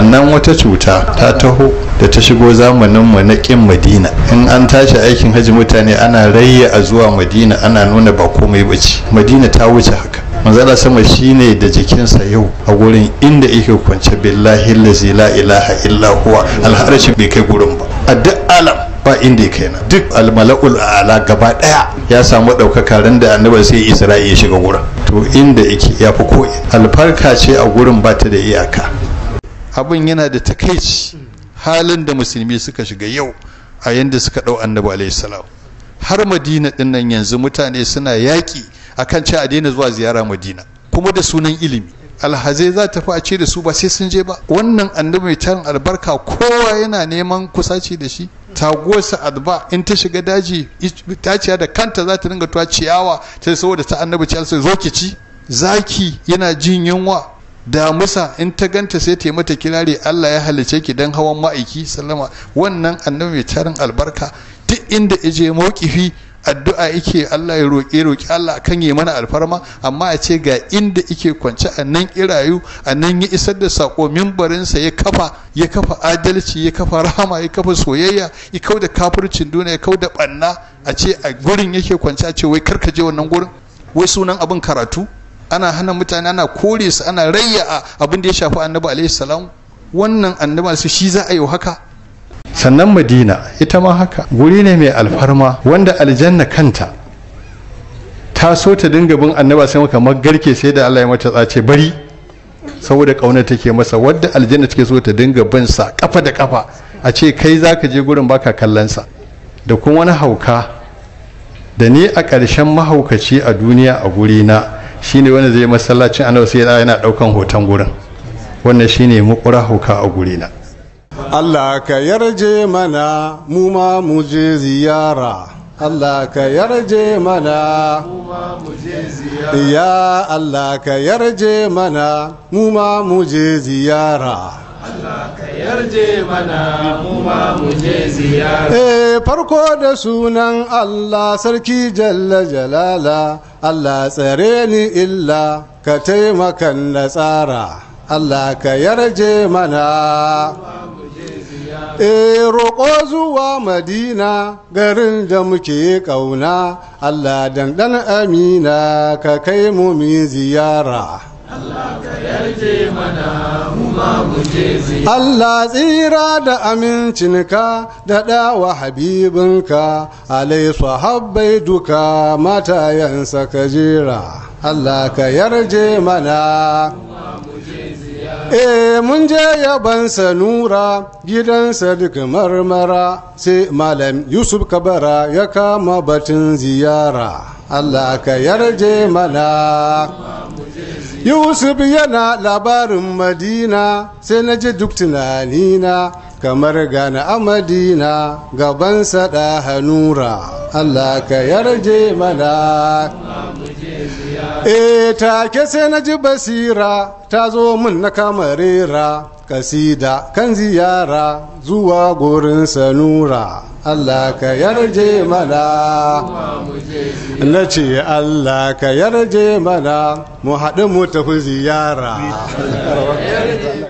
sannan wata cuta ta taho da ta shigo zamaninmu na ƙin madina in an tashi aikin hajji mutane ana rayya a zuwa madina ana nuna ba komai ba ce madina ta wuce haka manzala sama shine da jikinsa yau a gurin inda yake kwance billahi lazi la ilaha illa huwa bai kai gurin ba a duk alam ba inda ya kaina duk almalakul ala gaba daya ya samu ɗaukaka ran da annabi sai isra'i ya shiga gurin to inda yake ya fi ko alfarka ce a gurin ba ta da iyaka abin yana da takaici halin da musulmi suka shiga yau a yanda suka ɗau annabi alaihi salam har madina din nan yanzu mutane suna yaki akan ci a daina zuwa ziyara madina kuma da sunan ilimi alhazai za ta fi a ce da su ba sai sun je ba wannan annabi mai tarin albarka kowa yana neman kusaci da shi tagosa adba in ta shiga daji ciya da kanta za ta dinga tuwa ciyawa ta saboda ta annabi ci zo ki ci zaki yana jin yunwa damusa in ta ganta sai ta yi mata kirari Allah ya halice ki dan hawan ma'aiki salama wannan annabi mai tarin albarka duk inda ije mawkifi addu'a yake Allah ya roƙe roƙi Allah kan yi mana alfarma amma a ce ga inda yake kwance a nan irayu a nan ya isar da sako mimbarinsa ya kafa ya kafa adalci ya kafa rahama ya kafa soyayya ya kau da kafircin duniya ya kau da banna a ce a gurin yake kwance a ce wai karkaje wannan gurin wai sunan abin karatu ana hana mutane ana kore su ana rayya abin da ya shafi annabi alaihi salam wannan annabi su shi za a yi haka sannan madina ita ma haka guri ne mai alfarma wanda aljanna kanta ta so ta dinga bin annabi sai maka garke sai da Allah ya mata tsace bari saboda kauna take masa wadda aljanna take so ta dinga bin sa kafa da kafa a ce kai zaka je gurin baka kallon sa da kuma wani hauka da ni a ƙarshen mahaukaci a duniya a guri na shine wanda zai masallacin annabi sai ya yana daukan hoton gurin wannan shine muqra huka a na. Allah ka yarje mana mu ma mu je ziyara Allah ka yarje mana ya Allah ka yarje mana mu ma mu je ziyara eh farko da sunan Allah sarki jalla jalala Allah tsare ni illa ka taimaka na tsara Allah ka yarje mana Eh roƙo zuwa Madina garin da muke ƙauna, Allah dandan amina ka kai mu mi ziyara. Allah tsira da amincinka da ɗawa habibinka, alai sahabbai duka matayansa ka jira, Allah ka yarje mana. eh mun je yaban sanura gidan sadiq marmara sai malam yusuf kabara ya kama batun ziyara allah ka yarje mana yusuf yana labarin madina sai na ji duk tunanina kamar gana a madina gabansa da hanura allah ka yarje mana eh take sai na ji basira ta zo min na kamarera kasida kan ziyara zuwa gurin sanura Allah ka yarje mana na ce Allah ka yarje mana mu haɗu mu tafi ziyara